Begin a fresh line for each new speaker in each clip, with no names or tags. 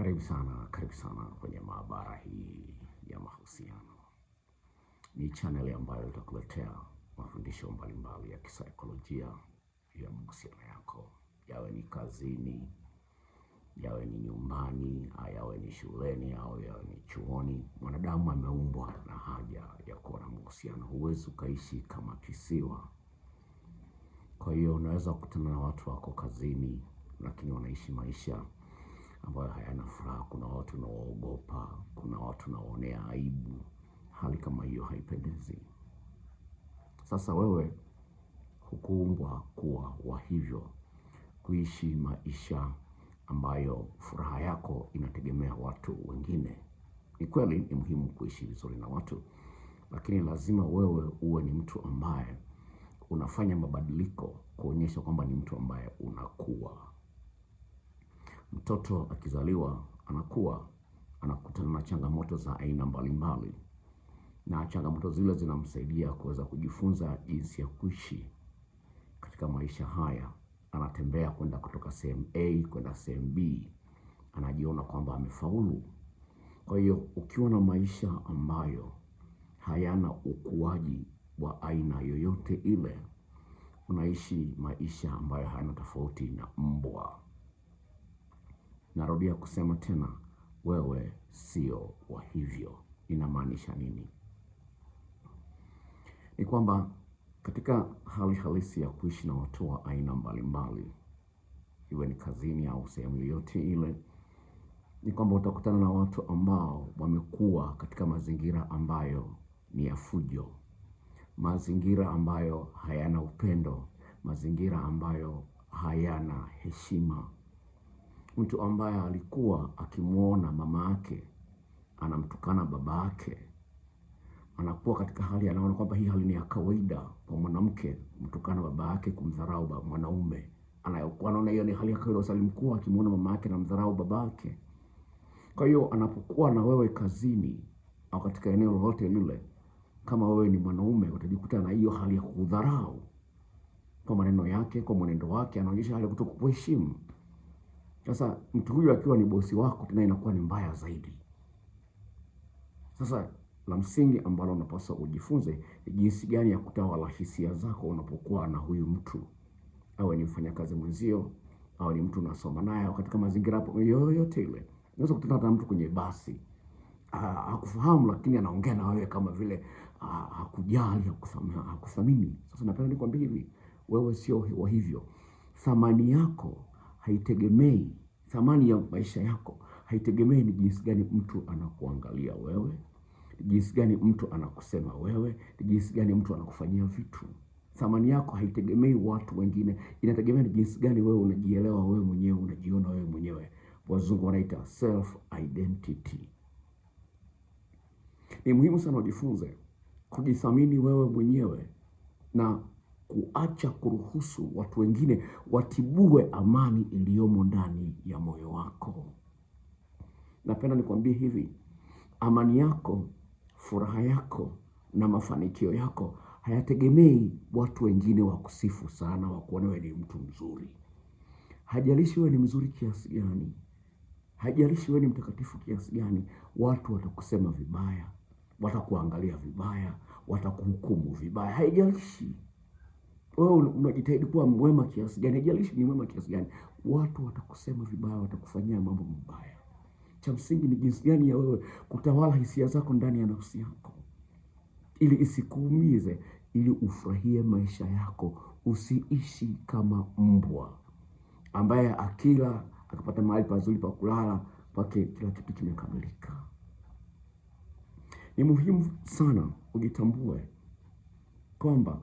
Karibu sana, karibu sana kwenye maabara hii ya mahusiano. Ni chaneli ambayo itakuletea mafundisho mbalimbali ya kisaikolojia ya mahusiano yako, yawe ni kazini, yawe ni nyumbani, yawe ni shuleni au yawe ni chuoni. Mwanadamu ameumbwa na haja ya kuwa na mahusiano, huwezi ukaishi kama kisiwa. Kwa hiyo unaweza kukutana na watu wako kazini, lakini wanaishi maisha ambayo hayana furaha. Kuna watu unawaogopa, kuna watu unawaonea aibu. Hali kama hiyo haipendezi. Sasa wewe hukuumbwa kuwa wa hivyo, kuishi maisha ambayo furaha yako inategemea watu wengine. Ni kweli ni muhimu kuishi vizuri na watu, lakini lazima wewe uwe ni mtu ambaye unafanya mabadiliko kuonyesha kwamba ni mtu ambaye unakuwa Mtoto akizaliwa anakuwa anakutana na changamoto za aina mbalimbali, na changamoto zile zinamsaidia kuweza kujifunza jinsi ya kuishi katika maisha haya. Anatembea kwenda kutoka sehemu A kwenda sehemu B, anajiona kwamba amefaulu. Kwa hiyo ukiwa na maisha ambayo hayana ukuaji wa aina yoyote ile, unaishi maisha ambayo hayana tofauti na mbwa. Narudia kusema tena, wewe sio wa hivyo. Inamaanisha nini? Ni kwamba katika hali halisi ya kuishi na watu wa aina mbalimbali, iwe ni kazini au sehemu yoyote ile, ni kwamba utakutana na watu ambao wamekuwa katika mazingira ambayo ni ya fujo, mazingira ambayo hayana upendo, mazingira ambayo hayana heshima mtu ambaye alikuwa akimwona mama yake anamtukana baba yake, anakuwa katika hali anaona kwamba hii hali ni ya kawaida kwa mwanamke kumtukana baba yake, kumdharau mwanaume anayokuwa anaona hiyo ni hali ya kawaida. Sasa alimkuwa akimwona mama yake anamdharau baba yake. Kwa hiyo anapokuwa na wewe kazini au katika eneo lolote lile, kama wewe ni mwanaume utajikuta na hiyo hali ya kudharau kwa maneno yake, kwa mwenendo wake, anaonyesha hali ya kutokuheshimu. Sasa mtu huyu akiwa ni bosi wako tena inakuwa ni mbaya zaidi. Sasa la msingi ambalo unapaswa ujifunze ni jinsi gani ya kutawala hisia zako unapokuwa na huyu mtu, awe ni mfanyakazi mwenzio, awe ni mtu unasoma naye, katika mazingira yoyote ile. Unaweza kukutana na mtu kwenye basi hakufahamu, lakini anaongea na wewe kama vile hakujali, hakuthamini. Sasa napenda nikwambie hivi, wewe sio wa hivyo. Thamani yako haitegemei thamani ya maisha yako haitegemei ni jinsi gani mtu anakuangalia wewe, ni jinsi gani mtu anakusema wewe, ni jinsi gani mtu anakufanyia vitu. Thamani yako haitegemei watu wengine, inategemea ni jinsi gani wewe unajielewa wewe mwenyewe, unajiona wewe mwenyewe. Wazungu wanaita self identity. Ni muhimu sana ujifunze kujithamini wewe mwenyewe na kuacha kuruhusu watu wengine watibue amani iliyomo ndani ya moyo wako. Napenda nikwambie hivi, amani yako, furaha yako na mafanikio yako hayategemei watu wengine wakusifu sana, wakuona wewe ni mtu mzuri. Hajalishi wewe ni mzuri kiasi gani, hajalishi wewe ni mtakatifu kiasi gani, watu watakusema vibaya, watakuangalia vibaya, watakuhukumu vibaya, haijalishi wewe unajitahidi kuwa mwema kiasi gani, haijalishi ni mwema kiasi gani, watu watakusema vibaya, watakufanyia mambo mabaya. Cha msingi ni jinsi gani ya wewe kutawala hisia zako ndani ya nafsi yako, ili isikuumize, ili ufurahie maisha yako. Usiishi kama mbwa ambaye akila akapata mahali pazuri pa kulala pake kila kitu kimekamilika. Ni muhimu sana ujitambue kwamba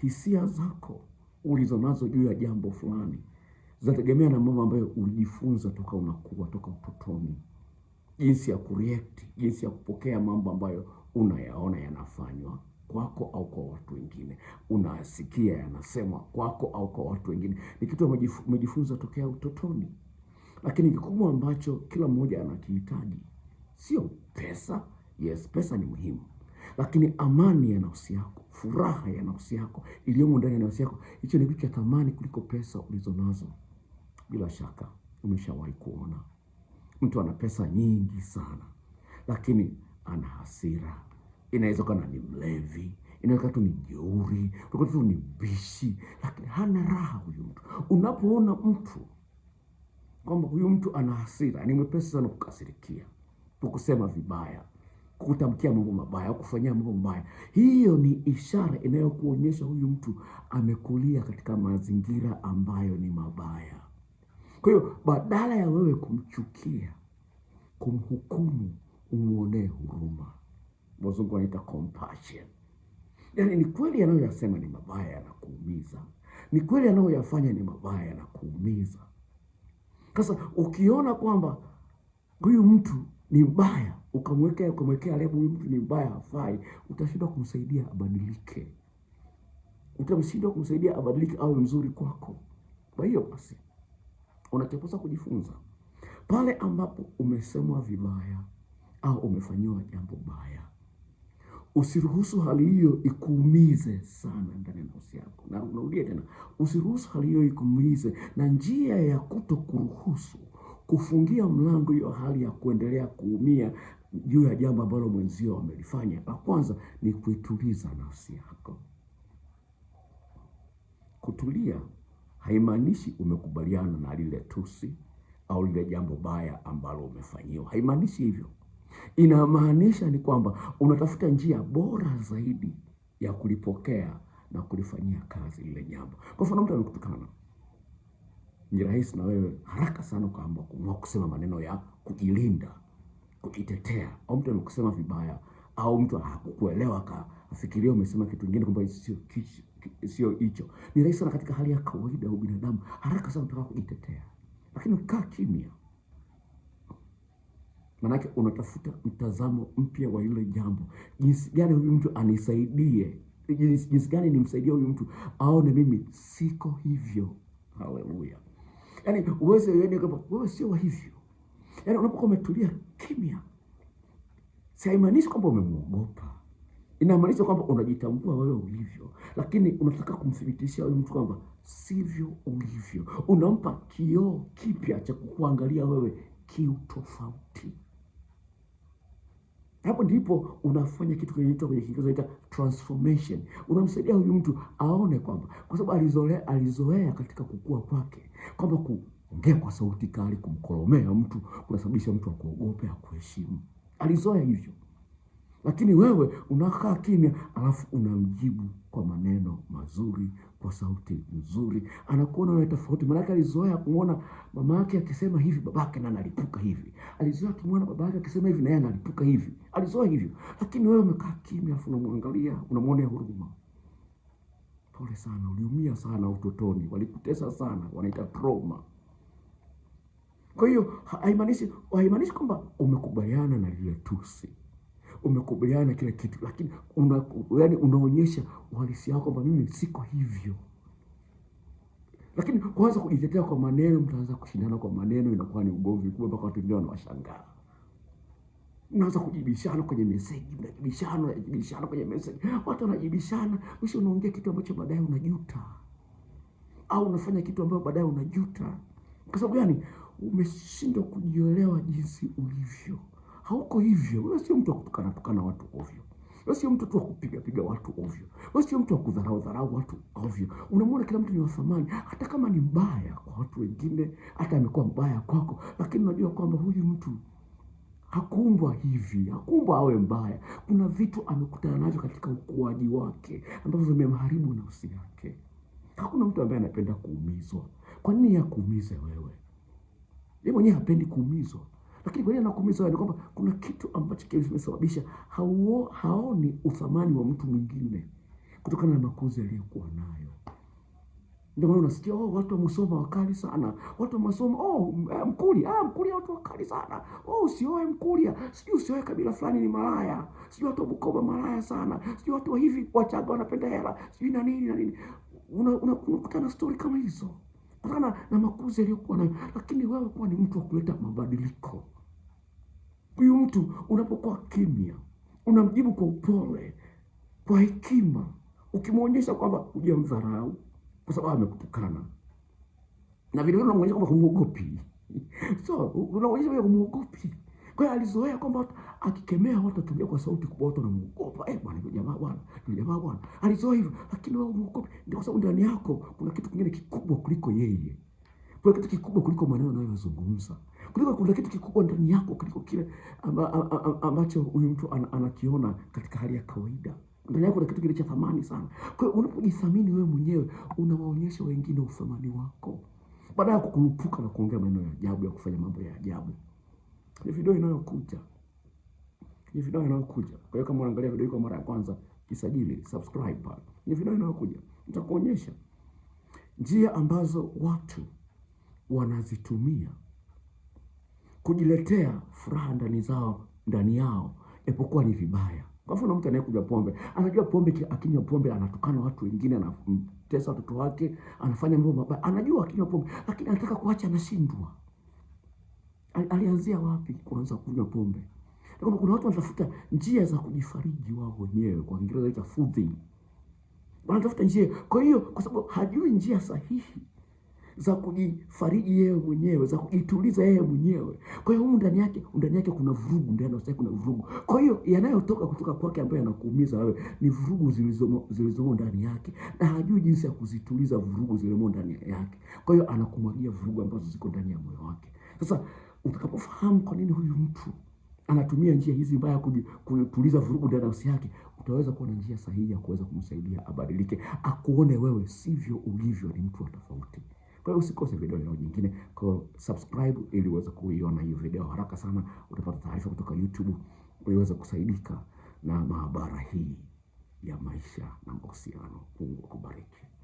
hisia zako ulizonazo juu ya jambo fulani zinategemea na mambo ambayo ulijifunza toka unakuwa, toka utotoni, jinsi ya kureact, jinsi ya kupokea mambo ambayo unayaona yanafanywa kwako au kwa watu wengine, unasikia yanasemwa kwako au kwa watu wengine. Ni kitu umejifunza tokea utotoni, lakini kikubwa ambacho kila mmoja anakihitaji sio pesa. Yes, pesa ni muhimu, lakini amani ya nafsi yako furaha ya nafsi yako iliyomo ndani ya nafsi yako, hicho ni kitu cha thamani kuliko pesa ulizonazo. Bila shaka umeshawahi kuona mtu ana pesa nyingi sana, lakini ana hasira. Inaweza kana ni mlevi, inaweza tu ni jeuri, tu ni bishi, lakini hana raha huyu mtu. Unapoona mtu kwamba huyu mtu ana hasira, ni mwepesi sana kukasirikia, tukusema vibaya kutamkia mambo mabaya au kufanyia mambo mabaya. Hiyo ni ishara inayokuonyesha huyu mtu amekulia katika mazingira ambayo ni mabaya. Kwa hiyo badala ya wewe kumchukia, kumhukumu, umwonee huruma. Wazungu wanaita compassion. Yaani ni kweli anayoyasema ni mabaya, yanakuumiza. Ni kweli anayoyafanya ni mabaya, yanakuumiza. Sasa ukiona kwamba huyu mtu ni mbaya ukamwekea ukamwekea lebo, huyu mtu ni mbaya, hafai, utashindwa kumsaidia abadilike, utamshindwa kumsaidia abadilike, awe mzuri kwako. Kwa hiyo basi unachoposa kujifunza pale ambapo umesemwa vibaya au umefanyiwa jambo baya, usiruhusu hali hiyo ikuumize sana ndani ya nafsi yako. Na unarudia tena, usiruhusu hali hiyo ikuumize, na njia ya kuto kuruhusu kufungia mlango hiyo hali ya kuendelea kuumia juu ya jambo ambalo mwenzio amelifanya. La kwanza ni kuituliza nafsi yako. Kutulia haimaanishi umekubaliana na lile tusi au lile jambo baya ambalo umefanyiwa, haimaanishi hivyo. Inamaanisha ni kwamba unatafuta njia bora zaidi ya kulipokea na kulifanyia kazi lile jambo. Kwa mfano, mtu amekutukana ni rahisi na wewe haraka sana ukaamba kuamua kusema maneno ya kujilinda, kujitetea, au mtu amekusema vibaya, au mtu hakukuelewa akafikiria umesema kitu kingine kwamba sio hicho. Ni rahisi sana katika hali ya kawaida ya binadamu haraka sana utaka kujitetea, lakini ukaa kimya, maanake unatafuta mtazamo mpya wa ile jambo. Jinsi gani huyu mtu anisaidie? Jinsi gani nimsaidie huyu mtu aone mimi siko hivyo? Haleluya! yani uweze uende kama wewe sio wa hivyo. Yani unapokuwa umetulia kimya, haimaanishi kwamba umemwogopa, inamaanisha kwamba unajitambua wewe ulivyo, lakini unataka kumthibitishia huyu mtu kwamba sivyo ulivyo. Unampa kioo kipya cha kukuangalia wewe kiutofauti. Hapo ndipo unafanya kitu kinaitwa kwenye Kiingereza inaitwa transformation. Unamsaidia huyu mtu aone kwamba, kwa sababu alizoea, alizoea katika kukua kwake kwamba kuongea kwa sauti kali, kumkoromea mtu kunasababisha mtu akuogope, akuheshimu. Alizoea hivyo. Lakini wewe unakaa kimya, alafu unamjibu kwa maneno mazuri, kwa sauti nzuri, anakuona wewe tofauti. Maanake alizoea kumwona mama yake akisema hivi, babake na analipuka hivi. Alizoea kumwona baba yake akisema hivi, naye analipuka hivi. Alizoea hivyo, lakini wewe umekaa kimya, alafu unamwangalia, unamwonea huruma. Pole sana, uliumia sana utotoni, walikutesa sana, wanaita trauma. Kwa hiyo haimaanishi haimaanishi kwamba umekubaliana na lile tusi umekubaliana na kila kitu, lakini una, yani unaonyesha uhalisia wako kwamba mimi siko hivyo. Lakini kwanza kujitetea kwa maneno, mtaanza kushindana kwa maneno, inakuwa ni ugomvi kubwa mpaka watu wengine wanawashangaa. Unaanza kujibishana kwenye meseji, mnajibishana, unajibishana kwenye meseji, watu wanajibishana, mwisho unaongea kitu ambacho baadaye unajuta, au unafanya kitu ambacho baadaye unajuta. Kwa sababu gani? Umeshindwa kujielewa jinsi ulivyo hauko hivyo. Wewe sio mtu wa kutukana tukana watu ovyo. Wewe sio mtu tu wa kupiga piga watu ovyo. Wewe sio mtu wa kudharau dharau watu ovyo. Unamwona kila mtu ni wa thamani, hata kama ni mbaya kwa watu wengine, hata amekuwa mbaya kwako, lakini unajua kwamba huyu mtu hakuumbwa hivi, hakuumbwa awe mbaya. Kuna vitu amekutana navyo katika ukuaji wake ambavyo vimemharibu nafsi yake. Hakuna mtu ambaye anapenda kuumizwa. Kwa nini ya wewe? Yeye mwenyewe hapendi kuumizwa. Lakini ngoja nakuumiza wewe kwamba kuna kitu ambacho kimesababisha haoni uthamani wa mtu mwingine kutokana na makuzi aliyokuwa nayo. Ndio maana unasikia oh, watu wa Musoma wakali sana, watu wa Musoma oh, eh, Mkuria ah, Mkuria watu wakali sana oh, usioe Mkuria, sijui usioe kabila fulani ni malaya, sijui watu wa Bukoba malaya sana, sijui watu wa hivi Wachaga wanapenda hela, sijui na nini na nini. unakutana una, una story kama hizo kutokana na makuzi aliyokuwa nayo, lakini wewe kuwa ni mtu wa kuleta mabadiliko Huyu mtu unapokuwa kimya, unamjibu kwa upole, kwa hekima, ukimwonyesha kwamba hujamdharau kwa sababu amekutukana, na vile vile unamwonyesha kwamba humuogopi. So unaonyesha kwamba humuogopi. Kwa hiyo alizoea kwamba akikemea watu atumia kwa sauti kubwa, watu wanamuogopa. Eh, bwana ndio jamaa bwana, ndio jamaa bwana. Alizoea hivyo, lakini wewe humuogopi, Ndio kwa sababu ndani yako kuna kitu kingine kikubwa kuliko yeye. Kuna kitu kikubwa kuliko maneno anayozungumza, kuliko kuna kitu kikubwa ndani yako kuliko kile ambacho huyu mtu anakiona katika hali ya kawaida. Ndani yako kuna kitu kile cha thamani sana. Kwa hiyo unapojithamini wewe mwenyewe, unawaonyesha wengine uthamani wako, baada ya kukurupuka na kuongea maneno ya ajabu ya kufanya mambo ya ajabu. Ni video inayokuja, ni video inayokuja. Kwa hiyo kama unaangalia video hii kwa mara ya kwanza, jisajili, subscribe pale. Ni video inayokuja, nitakuonyesha njia ambazo watu wanazitumia kujiletea furaha ndani zao ndani yao, epokuwa ni vibaya. Kwa mfano, mtu anayekunywa pombe anajua pombe, akinywa pombe anatukana watu wengine, anamtesa watoto wake, anafanya mambo mabaya, anajua akinywa pombe, lakini anataka kuacha, anashindwa. Alianzia wapi kuanza kunywa pombe? Kuna watu wanatafuta njia za kujifariji wao wenyewe, kwa Kiingereza inaitwa wanatafuta njia. Kwa hiyo, kwa sababu hajui njia sahihi za kujifariji yeye mwenyewe, za kujituliza yeye mwenyewe. Kwa hiyo humu ndani yake, ndani yake kuna vurugu, ndani ya kuna vurugu. Kwa hiyo yanayotoka kutoka kwake ambayo yanakuumiza wewe ni vurugu zilizomo zilizomo ndani yake, na hajui jinsi ya kuzituliza vurugu zilizomo ndani yake. Kwa hiyo anakumwagia vurugu ambazo ziko ndani ya moyo wake. Sasa utakapofahamu kwa nini huyu mtu anatumia njia hizi mbaya kutuliza vurugu ndani ya nafsi yake, utaweza kuwa na njia sahihi ya kuweza kumsaidia abadilike, akuone wewe sivyo ulivyo, ni mtu wa tofauti. Kwa hiyo usikose video leo nyingine, kwa subscribe ili uweze kuiona hiyo video haraka sana, utapata taarifa kutoka YouTube uweze kusaidika na maabara hii ya maisha na mahusiano. Mungu akubariki.